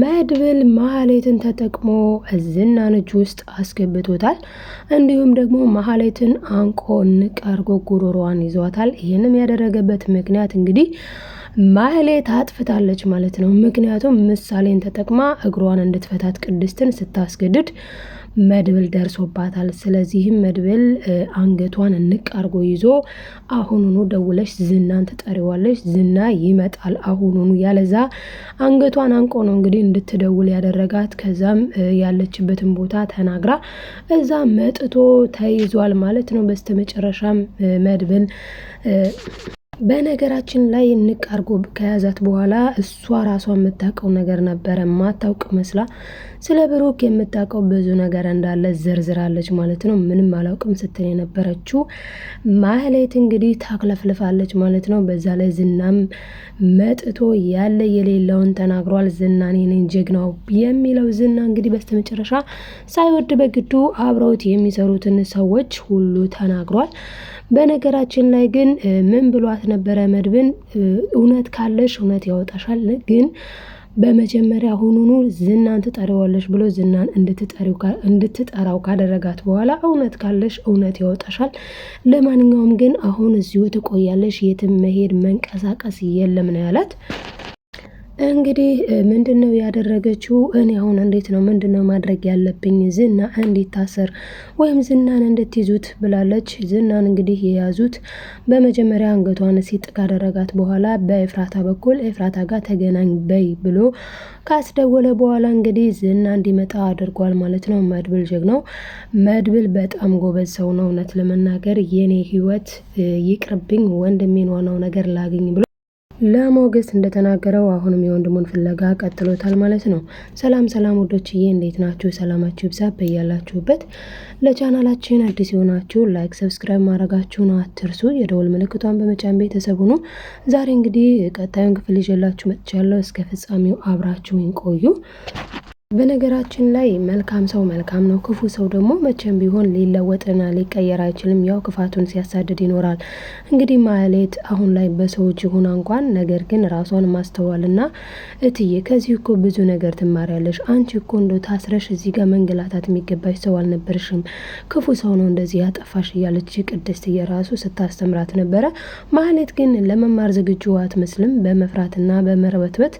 መድብል መሀሌትን ተጠቅሞ ዝናን እጅ ውስጥ አስገብቶታል። እንዲሁም ደግሞ መሀሌትን አንቆ ንቀርጎ ጉሮሯዋን ይዟታል። ይህንም ያደረገበት ምክንያት እንግዲህ ማህሌት አጥፍታለች ማለት ነው። ምክንያቱም ምሳሌን ተጠቅማ እግሯን እንድትፈታት ቅድስትን ስታስገድድ መድብል ደርሶባታል። ስለዚህም መድብል አንገቷን እንቅ አርጎ ይዞ አሁኑኑ ደውለሽ ዝናን ትጠሪዋለሽ፣ ዝና ይመጣል አሁኑኑ። ያለዛ አንገቷን አንቆ ነው እንግዲህ እንድትደውል ያደረጋት። ከዛም ያለችበትን ቦታ ተናግራ እዛ መጥቶ ተይዟል ማለት ነው። በስተመጨረሻም መድብል በነገራችን ላይ ንቅ አርጎ ከያዛት በኋላ እሷ ራሷ የምታውቀው ነገር ነበረ። ማታውቅ መስላ ስለ ብሩክ የምታውቀው ብዙ ነገር እንዳለ ዘርዝራለች ማለት ነው። ምንም አላውቅም ስትል የነበረችው ማህሌት እንግዲህ ታክለፍልፋለች ማለት ነው። በዛ ላይ ዝናም መጥቶ ያለ የሌለውን ተናግሯል። ዝና እኔ ጀግናው የሚለው ዝና እንግዲህ በስተመጨረሻ ሳይወድ በግዱ አብረውት የሚሰሩትን ሰዎች ሁሉ ተናግሯል። በነገራችን ላይ ግን ምን ብሏት ነበረ መድብን እውነት ካለሽ እውነት ያወጣሻል ግን በመጀመሪያ ሁኑኑ ዝናን ትጠሪዋለሽ ብሎ ዝናን እንድትጠራው ካደረጋት በኋላ እውነት ካለሽ እውነት ያወጣሻል። ለማንኛውም ግን አሁን እዚሁ ትቆያለሽ፣ የትም መሄድ መንቀሳቀስ የለም ነው ያላት። እንግዲህ ምንድን ነው ያደረገችው? እኔ አሁን እንዴት ነው ምንድን ነው ማድረግ ያለብኝ? ዝና እንዲታሰር ወይም ዝናን እንድትይዙት ብላለች። ዝናን እንግዲህ የያዙት በመጀመሪያ አንገቷን ሲጥ ካደረጋት በኋላ በኤፍራታ በኩል ኤፍራታ ጋር ተገናኝ በይ ብሎ ካስደወለ በኋላ እንግዲህ ዝና እንዲመጣ አድርጓል ማለት ነው። መድብል ጀግናው መድብል በጣም ጎበዝ ሰው ነው። እውነት ለመናገር የኔ ህይወት ይቅርብኝ፣ ወንድሜን ዋናው ነገር ላግኝ ብሎ ለሞገስ እንደተናገረው አሁንም የወንድሙን ፍለጋ ቀጥሎታል ማለት ነው። ሰላም ሰላም ውዶችዬ እንዴት ናችሁ? ሰላማችሁ ይብዛ በያላችሁበት። ለቻናላችን አዲስ የሆናችሁ ላይክ፣ ሰብስክራይብ ማድረጋችሁን አትርሱ። የደወል ምልክቷን በመጫን ቤተሰብ ሁኑ። ዛሬ እንግዲህ ቀጣዩን ክፍል ይዤላችሁ መጥቻለሁ። እስከ ፍጻሜው አብራችሁን ቆዩ። በነገራችን ላይ መልካም ሰው መልካም ነው፣ ክፉ ሰው ደግሞ መቼም ቢሆን ሊለወጥና ሊቀየር አይችልም። ያው ክፋቱን ሲያሳድድ ይኖራል። እንግዲህ ማህሌት አሁን ላይ በሰዎች ይሁን እንኳን ነገር ግን ራሷን ማስተዋልና እትዬ ከዚህ እኮ ብዙ ነገር ትማሪያለሽ። አንቺ እኮ እንዶ ታስረሽ እዚህ ጋር መንገላታት የሚገባሽ ሰው አልነበርሽም። ክፉ ሰው ነው እንደዚህ ያጠፋሽ እያለች ቅድስት እየራሱ ስታስተምራት ነበረ። ማህሌት ግን ለመማር ዝግጁ አትመስልም። በመፍራትና በመርበትበት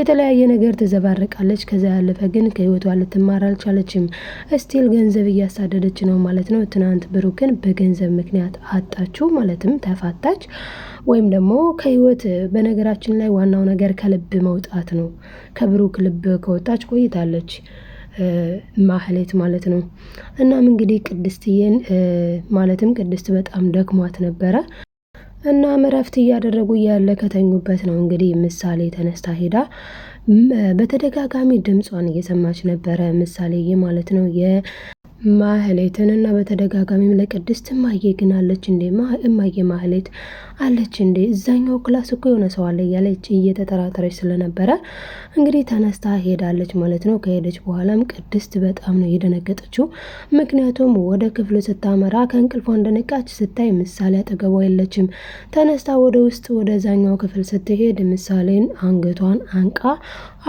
የተለያየ ነገር ትዘባርቃለች። ከዛ ያለፈ ግን ከህይወቷ ልትማር አልቻለችም። እስቲል ገንዘብ እያሳደደች ነው ማለት ነው። ትናንት ብሩክን በገንዘብ ምክንያት አጣችው ማለትም ተፋታች ወይም ደግሞ ከህይወት በነገራችን ላይ ዋናው ነገር ከልብ መውጣት ነው። ከብሩክ ልብ ከወጣች ቆይታለች ማህሌት ማለት ነው። እናም እንግዲህ ቅድስትዬን ማለትም ቅድስት በጣም ደክሟት ነበረ። እናም እረፍት እያደረጉ እያለ ከተኙበት ነው እንግዲህ ምሳሌ ተነስታ ሄዳ በተደጋጋሚ ድምጿን እየሰማች ነበረ ምሳሌ ማለት ነው። ማህሌትንና በተደጋጋሚም ለቅድስት እማዬ ግን አለች እንዴ እማዬ ማህሌት አለች እንዴ እዛኛው ክላስ እኮ የሆነ ሰው አለ እያለች እየተጠራጠረች ስለነበረ እንግዲህ ተነስታ ሄዳለች ማለት ነው። ከሄደች በኋላም ቅድስት በጣም ነው የደነገጠችው። ምክንያቱም ወደ ክፍሉ ስታመራ ከእንቅልፏ እንደነቃች ስታይ ምሳሌ አጠገቧ የለችም። ተነስታ ወደ ውስጥ ወደ ዛኛው ክፍል ስትሄድ ምሳሌን አንገቷን አንቃ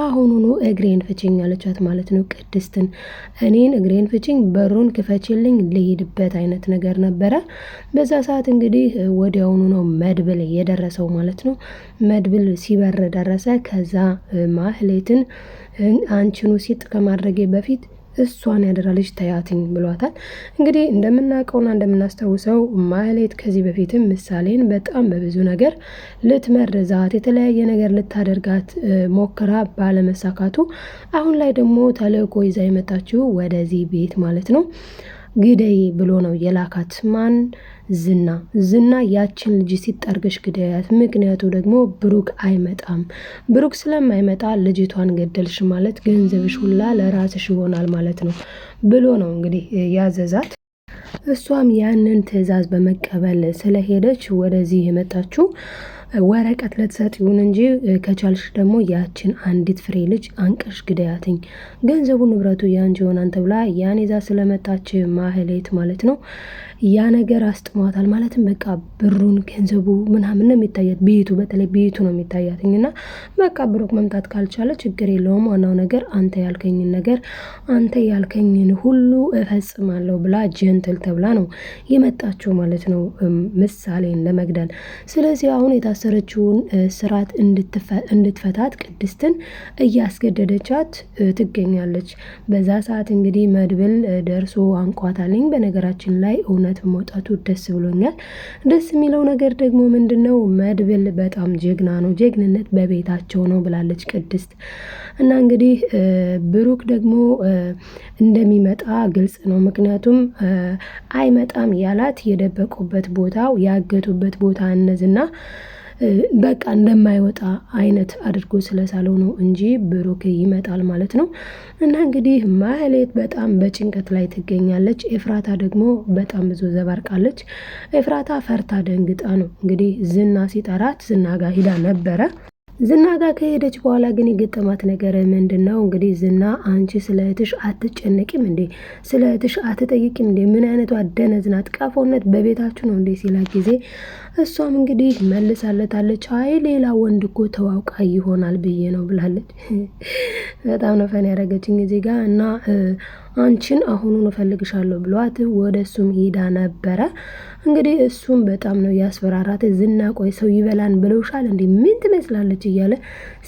አሁኑኑ እግሬን ፍችኝ አለቻት ማለት ነው ቅድስትን። እኔን እግሬን ፍችኝ፣ በሩን ክፈችልኝ፣ ልሄድበት አይነት ነገር ነበረ። በዛ ሰዓት እንግዲህ ወዲያውኑ ነው መድብል የደረሰው ማለት ነው። መድብል ሲበር ደረሰ። ከዛ ማህሌትን አንቺኑ ሲጥ ከማድረጌ በፊት እሷን ያደራ ልጅ ተያትኝ ብሏታል። እንግዲህ እንደምናውቀውና እንደምናስታውሰው ማህሌት ከዚህ በፊትም ምሳሌን በጣም በብዙ ነገር ልትመርዛት የተለያየ ነገር ልታደርጋት ሞክራ ባለመሳካቱ አሁን ላይ ደግሞ ተልእኮ ይዛ የመጣችው ወደዚህ ቤት ማለት ነው። ግደይ ብሎ ነው የላካት። ማን? ዝና። ዝና ያችን ልጅ ሲጠርገሽ ግደያት። ምክንያቱ ደግሞ ብሩክ አይመጣም። ብሩክ ስለማይመጣ ልጅቷን ገደልሽ ማለት ገንዘብሽ ሁላ ለራስሽ ይሆናል ማለት ነው ብሎ ነው እንግዲህ ያዘዛት። እሷም ያንን ትዕዛዝ በመቀበል ስለሄደች ወደዚህ የመጣችው ወረቀት ልትሰጥ ይሁን እንጂ ከቻልሽ ደግሞ ያችን አንዲት ፍሬ ልጅ አንቀሽ ግዳያትኝ ገንዘቡ ንብረቱ ያንቺ ሆናን ተብላ ያን ይዛ ስለመጣች ማህሌት ማለት ነው ያ ነገር አስጥሟታል። ማለትም በቃ ብሩን ገንዘቡ ምናምን ነው የሚታያት ቤቱ፣ በተለይ ቤቱ ነው የሚታያትኝ እና በቃ ብሩክ መምጣት ካልቻለ ችግር የለውም ዋናው ነገር አንተ ያልከኝን ነገር አንተ ያልከኝን ሁሉ እፈጽማለሁ ብላ ጀንትል ተብላ ነው የመጣችው ማለት ነው ምሳሌን ለመግደል ስለዚህ አሁን የታሰረችውን ስርዓት እንድትፈታት ቅድስትን እያስገደደቻት ትገኛለች። በዛ ሰዓት እንግዲህ መድብል ደርሶ አንቋታልኝ። በነገራችን ላይ እውነት መውጣቱ ደስ ብሎኛል። ደስ የሚለው ነገር ደግሞ ምንድን ነው? መድብል በጣም ጀግና ነው። ጀግንነት በቤታቸው ነው ብላለች ቅድስት እና እንግዲህ ብሩክ ደግሞ እንደሚመጣ ግልጽ ነው። ምክንያቱም አይመጣም ያላት የደበቁበት ቦታው ያገቱበት ቦታ እነዝና በቃ እንደማይወጣ አይነት አድርጎ ስለሳለው ነው እንጂ ብሩክ ይመጣል ማለት ነው። እና እንግዲህ ማህሌት በጣም በጭንቀት ላይ ትገኛለች። ኤፍራታ ደግሞ በጣም ብዙ ዘባርቃለች። ኤፍራታ ፈርታ ደንግጣ ነው እንግዲህ ዝና ሲጠራት ዝና ጋር ሂዳ ነበረ ዝና ጋር ከሄደች በኋላ ግን የገጠማት ነገር ምንድን ነው? እንግዲህ ዝና አንቺ ስለ እህትሽ አትጨነቂም እንዴ? ስለ እህትሽ አትጠይቂም እንዴ? ምን አይነቷ ደነዝ ቀፎነት በቤታችሁ ነው እንዴ? ሲላ ጊዜ እሷም እንግዲህ መልሳለታለች። አይ ሌላ ወንድ እኮ ተዋውቃ ይሆናል ብዬ ነው ብላለች። በጣም ነው ፈን ያደረገችኝ እዚህ ጋር እና አንቺን አሁኑን እፈልግሻለሁ ብሏት ወደ እሱም ሄዳ ነበረ። እንግዲህ እሱም በጣም ነው ያስፈራራት። ዝና ቆይ ሰው ይበላን ብለውሻል እንዴ? ምን ትመስላለች እያለ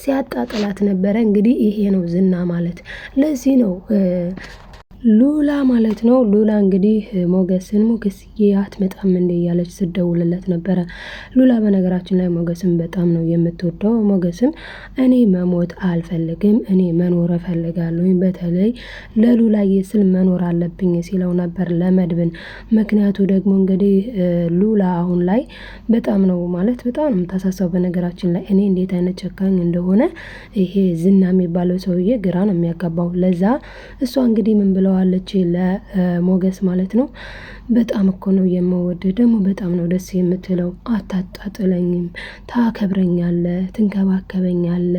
ሲያጣጥላት ነበረ። እንግዲህ ይሄ ነው ዝና ማለት ለዚህ ነው ሉላ ማለት ነው። ሉላ እንግዲህ ሞገስን ሞገስዬ አትመጣም እንዴ እያለች ስደውልለት ነበረ። ሉላ በነገራችን ላይ ሞገስን በጣም ነው የምትወደው። ሞገስም እኔ መሞት አልፈልግም፣ እኔ መኖር እፈልጋለሁ፣ በተለይ ለሉላዬ ስል መኖር አለብኝ ሲለው ነበር ለመድብን። ምክንያቱ ደግሞ እንግዲህ ሉላ አሁን ላይ በጣም ነው ማለት በጣም ነው የምታሳሳው። በነገራችን ላይ እኔ እንዴት አይነት ጨካኝ እንደሆነ ይሄ ዝና የሚባለው ሰውዬ ግራ ነው የሚያጋባው። ለዛ እሷ እንግዲህ ምን ብለው ብለዋለች ለሞገስ ማለት ነው። በጣም እኮ ነው የምወድ ደግሞ በጣም ነው ደስ የምትለው። አታጣጥለኝም፣ ታከብረኛለ፣ ትንከባከበኛለ፣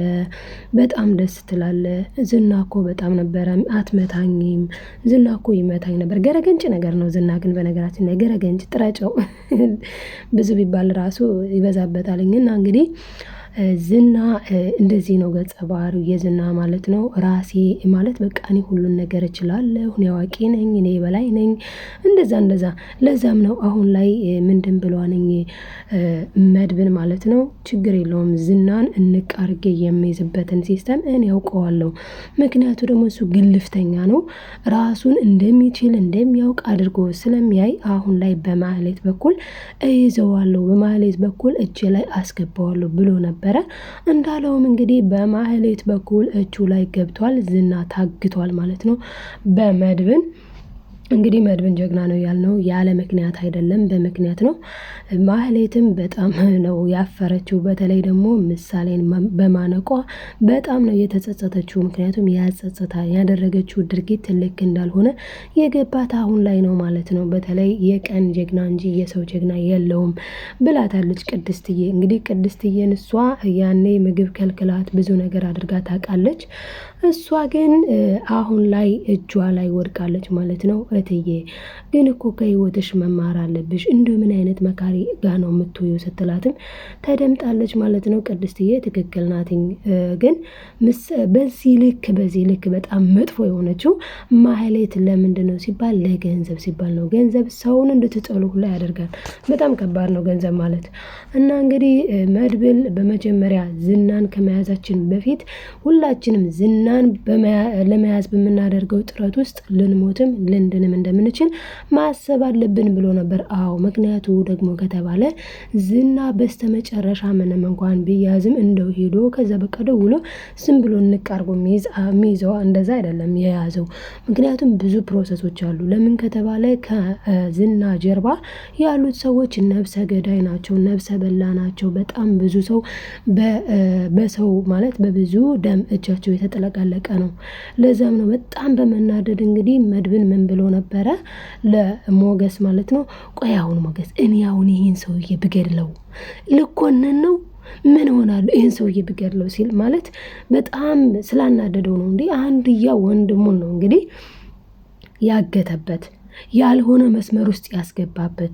በጣም ደስ ትላለ። ዝና እኮ በጣም ነበረ አትመታኝም። ዝና እኮ ይመታኝ ነበር። ገረገንጭ ነገር ነው ዝና ግን በነገራችን ላይ ገረገንጭ ጥረጨው ብዙ ቢባል ራሱ ይበዛበታልኝና እንግዲህ ዝና እንደዚህ ነው ገጸ ባህሪው የዝና ማለት ነው። ራሴ ማለት በቃ እኔ ሁሉን ነገር እችላለሁ፣ እኔ አዋቂ ነኝ፣ እኔ በላይ ነኝ፣ እንደዛ እንደዛ። ለዛም ነው አሁን ላይ ምንድን ብሏነኝ መድብን ማለት ነው ችግር የለውም ዝናን እንቅ የሚይዝበትን ሲስተም እኔ ያውቀዋለሁ። ምክንያቱ ደግሞ እሱ ግልፍተኛ ነው፣ ራሱን እንደሚችል እንደሚያውቅ አድርጎ ስለሚያይ አሁን ላይ በማህሌት በኩል እይዘዋለሁ፣ በማህሌት በኩል እጅ ላይ አስገባዋለሁ ብሎ ነበር። ነበረ። እንዳለውም እንግዲህ በማህሌት በኩል እጁ ላይ ገብቷል። ዝና ታግቷል ማለት ነው በመድብን እንግዲህ መድብን ጀግና ነው ያልነው ያለ ምክንያት አይደለም፣ በምክንያት ነው። ማህሌትም በጣም ነው ያፈረችው። በተለይ ደግሞ ምሳሌን በማነቋ በጣም ነው የተጸጸተችው። ምክንያቱም ያጸጸታ ያደረገችው ድርጊት ትልክ እንዳልሆነ የገባት አሁን ላይ ነው ማለት ነው። በተለይ የቀን ጀግና እንጂ የሰው ጀግና የለውም ብላታለች ቅድስትዬ። እንግዲህ ቅድስትዬን እሷ ያኔ ምግብ ከልክላት ብዙ ነገር አድርጋ ታውቃለች። እሷ ግን አሁን ላይ እጇ ላይ ወድቃለች ማለት ነው። እትዬ ግን እኮ ከህይወትሽ መማር አለብሽ እንዲሁ ምን አይነት መካሪ ጋ ነው የምትዩ ስትላትም ተደምጣለች ማለት ነው። ቅድስትዬ ትክክል ናት፣ ግን በዚህ ልክ በዚህ ልክ በጣም መጥፎ የሆነችው ማህሌት ለምንድን ነው ሲባል ለገንዘብ ሲባል ነው። ገንዘብ ሰውን እንድትጠሉ ሁላ ያደርጋል። በጣም ከባድ ነው ገንዘብ ማለት እና እንግዲህ መድብል በመጀመሪያ ዝናን ከመያዛችን በፊት ሁላችንም ዝና ንጽህናን ለመያዝ በምናደርገው ጥረት ውስጥ ልንሞትም ልንድንም እንደምንችል ማሰብ አለብን ብሎ ነበር። አዎ ምክንያቱ ደግሞ ከተባለ ዝና በስተመጨረሻ ምንም እንኳን ቢያዝም እንደው ሄዶ ከዛ በቃ ደውሎ ዝም ብሎ እንቃርጎ የሚይዘው እንደዛ አይደለም የያዘው። ምክንያቱም ብዙ ፕሮሰሶች አሉ። ለምን ከተባለ ከዝና ጀርባ ያሉት ሰዎች ነብሰ ገዳይ ናቸው፣ ነብሰ በላ ናቸው። በጣም ብዙ ሰው በሰው ማለት በብዙ ደም እጃቸው የተጠለቀ እያጥለቀለቀ ነው። ለዛም ነው በጣም በመናደድ እንግዲህ መድብን ምን ብሎ ነበረ ለሞገስ ማለት ነው። ቆይ አሁን ሞገስ እኔ አሁን ይህን ሰውዬ ብገድለው ልኮነን ነው ምን እሆናለሁ ይህን ሰውዬ ብገድለው ሲል ማለት በጣም ስላናደደው ነው። እንዲህ አንድያ ወንድሙን ነው እንግዲህ ያገተበት ያልሆነ መስመር ውስጥ ያስገባበት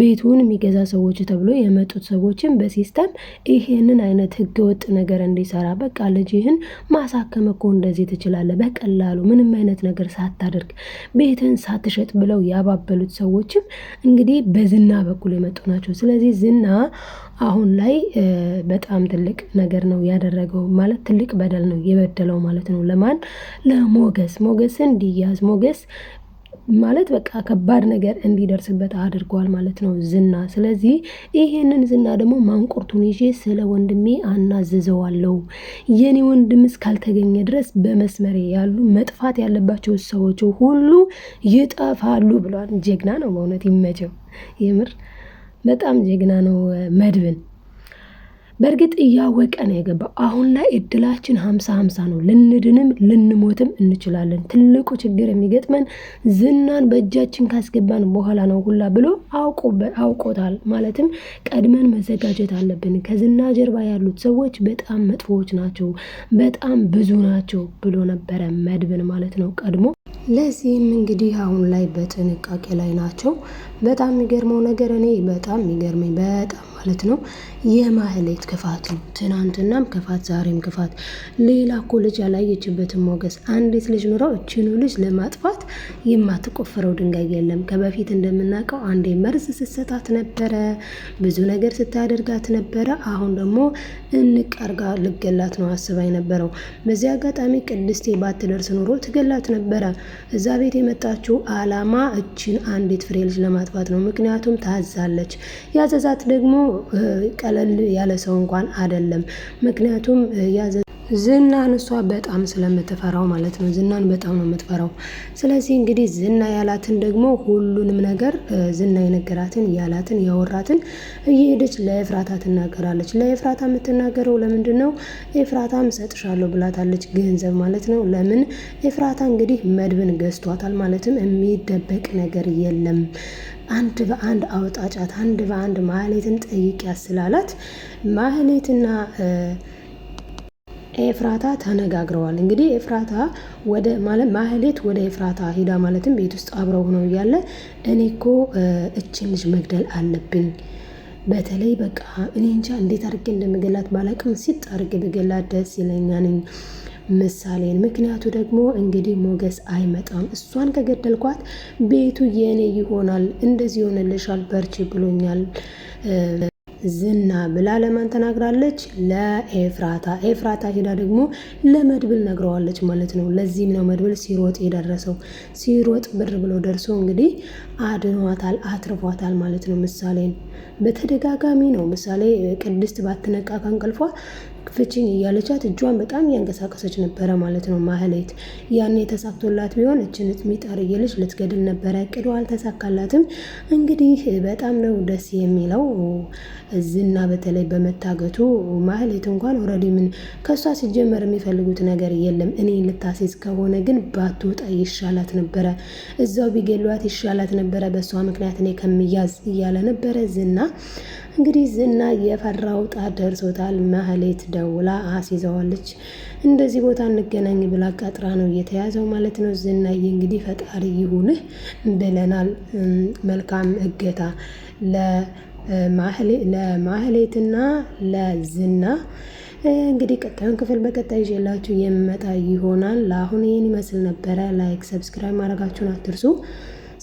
ቤቱን የሚገዛ ሰዎች ተብሎ የመጡት ሰዎችን በሲስተም ይሄንን አይነት ህገወጥ ነገር እንዲሰራ በቃ ልጅህን ማሳከም እኮ እንደዚህ ትችላለህ በቀላሉ ምንም አይነት ነገር ሳታደርግ ቤትን ሳትሸጥ ብለው ያባበሉት ሰዎችም እንግዲህ በዝና በኩል የመጡ ናቸው። ስለዚህ ዝና አሁን ላይ በጣም ትልቅ ነገር ነው ያደረገው፣ ማለት ትልቅ በደል ነው የበደለው ማለት ነው። ለማን ለሞገስ ሞገስን እንዲያዝ ሞገስ ማለት በቃ ከባድ ነገር እንዲደርስበት አድርጓል ማለት ነው ዝና። ስለዚህ ይሄንን ዝና ደግሞ ማንቁርቱን ይዤ ስለ ወንድሜ አናዝዘዋለሁ። የኔ ወንድም እስካልተገኘ ድረስ በመስመሬ ያሉ መጥፋት ያለባቸው ሰዎች ሁሉ ይጠፋሉ ብሏል። ጀግና ነው በእውነት ይመቸው። የምር በጣም ጀግና ነው መድብን። በእርግጥ እያወቀ ነው የገባው። አሁን ላይ እድላችን ሀምሳ ሀምሳ ነው። ልንድንም ልንሞትም እንችላለን። ትልቁ ችግር የሚገጥመን ዝናን በእጃችን ካስገባን በኋላ ነው ሁላ ብሎ አውቆታል። ማለትም ቀድመን መዘጋጀት አለብን። ከዝና ጀርባ ያሉት ሰዎች በጣም መጥፎዎች ናቸው፣ በጣም ብዙ ናቸው ብሎ ነበረ መድብን ማለት ነው ቀድሞ ለዚህም እንግዲህ አሁን ላይ በጥንቃቄ ላይ ናቸው። በጣም የሚገርመው ነገር እኔ በጣም የሚገርመኝ በጣም ማለት ነው የማህሌት ክፋት ነው። ትናንትናም ክፋት፣ ዛሬም ክፋት። ሌላ እኮ ልጅ ያላየችበትን ሞገስ አንዲት ልጅ ኑረው እችኑ ልጅ ለማጥፋት የማትቆፍረው ድንጋይ የለም። ከበፊት እንደምናውቀው አንዴ መርዝ ስትሰጣት ነበረ፣ ብዙ ነገር ስታደርጋት ነበረ። አሁን ደግሞ እንቀርጋ ልገላት ነው አስባ የነበረው። በዚህ አጋጣሚ ቅድስቴ ባትደርስ ኑሮ ትገላት ነበረ። እዛ ቤት የመጣችው አላማ እችን አንዲት ፍሬ ልጅ ለማጥፋት ነው። ምክንያቱም ታዛለች። ያዘዛት ደግሞ ቀለል ያለ ሰው እንኳን አደለም። ምክንያቱም ዝናን እሷ በጣም ስለምትፈራው ማለት ነው። ዝናን በጣም ነው የምትፈራው። ስለዚህ እንግዲህ ዝና ያላትን ደግሞ ሁሉንም ነገር ዝና የነገራትን ያላትን ያወራትን እየሄደች ለኤፍራታ ትናገራለች። ለኤፍራታ የምትናገረው ለምንድን ነው? ኤፍራታም እሰጥሻለሁ ብላታለች፣ ገንዘብ ማለት ነው። ለምን ኤፍራታ እንግዲህ መድብን ገዝቷታል። ማለትም የሚደበቅ ነገር የለም አንድ በአንድ አውጣጫት፣ አንድ በአንድ ማህሌትን ጠይቂያት ስላላት ማህሌትና ኤፍራታ ተነጋግረዋል። እንግዲህ ኤፍራታ ወደ ማለት ማህሌት ወደ ኤፍራታ ሂዳ ማለትም ቤት ውስጥ አብረው ነው እያለ እኔ እኮ እችን ልጅ መግደል አለብኝ በተለይ በቃ እኔ እንጃ እንዴት አድርጌ እንደምገላት ባላቅም ሲጥ አድርጌ ብገላት ደስ ይለኛል ምሳሌን። ምክንያቱ ደግሞ እንግዲህ ሞገስ አይመጣም። እሷን ከገደልኳት ቤቱ የእኔ ይሆናል። እንደዚህ ይሆንልሻል፣ በርቺ ብሎኛል ዝና ብላ ለማን ተናግራለች? ለኤፍራታ። ኤፍራታ ሄዳ ደግሞ ለመድብል ነግረዋለች ማለት ነው። ለዚህም ነው መድብል ሲሮጥ የደረሰው። ሲሮጥ ብር ብሎ ደርሶ እንግዲህ አድኗታል፣ አትርፏታል ማለት ነው ምሳሌን። በተደጋጋሚ ነው ምሳሌ ቅድስት ባትነቃ ከእንቅልፏ ፍችኝ እያለቻት እጇን በጣም እያንቀሳቀሰች ነበረ ማለት ነው ማህሌት። ያን ተሳክቶላት ቢሆን እችን ሚጣር እየልጅ ልትገድል ነበረ። እቅዷ አልተሳካላትም። እንግዲህ በጣም ነው ደስ የሚለው ዝና በተለይ በመታገቱ ማህሌት እንኳን ኦልሬዲ ምን ከእሷ ሲጀመር የሚፈልጉት ነገር የለም። እኔ ልታሴዝ ከሆነ ግን ባትወጣ ይሻላት ነበረ፣ እዛው ቢገሏት ይሻላት ነበረ፣ በእሷ ምክንያት እኔ ከምያዝ እያለ ነበረ ዝና እንግዲህ ዝና የፈራው ጣር ደርሶታል። ማህሌት ደውላ አስይዘዋለች። እንደዚህ ቦታ እንገናኝ ብላ ቀጥራ ነው እየተያዘው ማለት ነው። ዝናዬ እንግዲህ ፈጣሪ ይሁንህ ብለናል። መልካም እገታ ለማህሌትና ለዝና። እንግዲህ ቀጣዩን ክፍል በቀጣይ ይዤላችሁ የሚመጣ ይሆናል። ለአሁን ይህን ይመስል ነበረ። ላይክ፣ ሰብስክራይብ ማድረጋችሁን አትርሱ።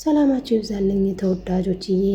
ሰላማችሁ ይብዛልኝ ተወዳጆችዬ።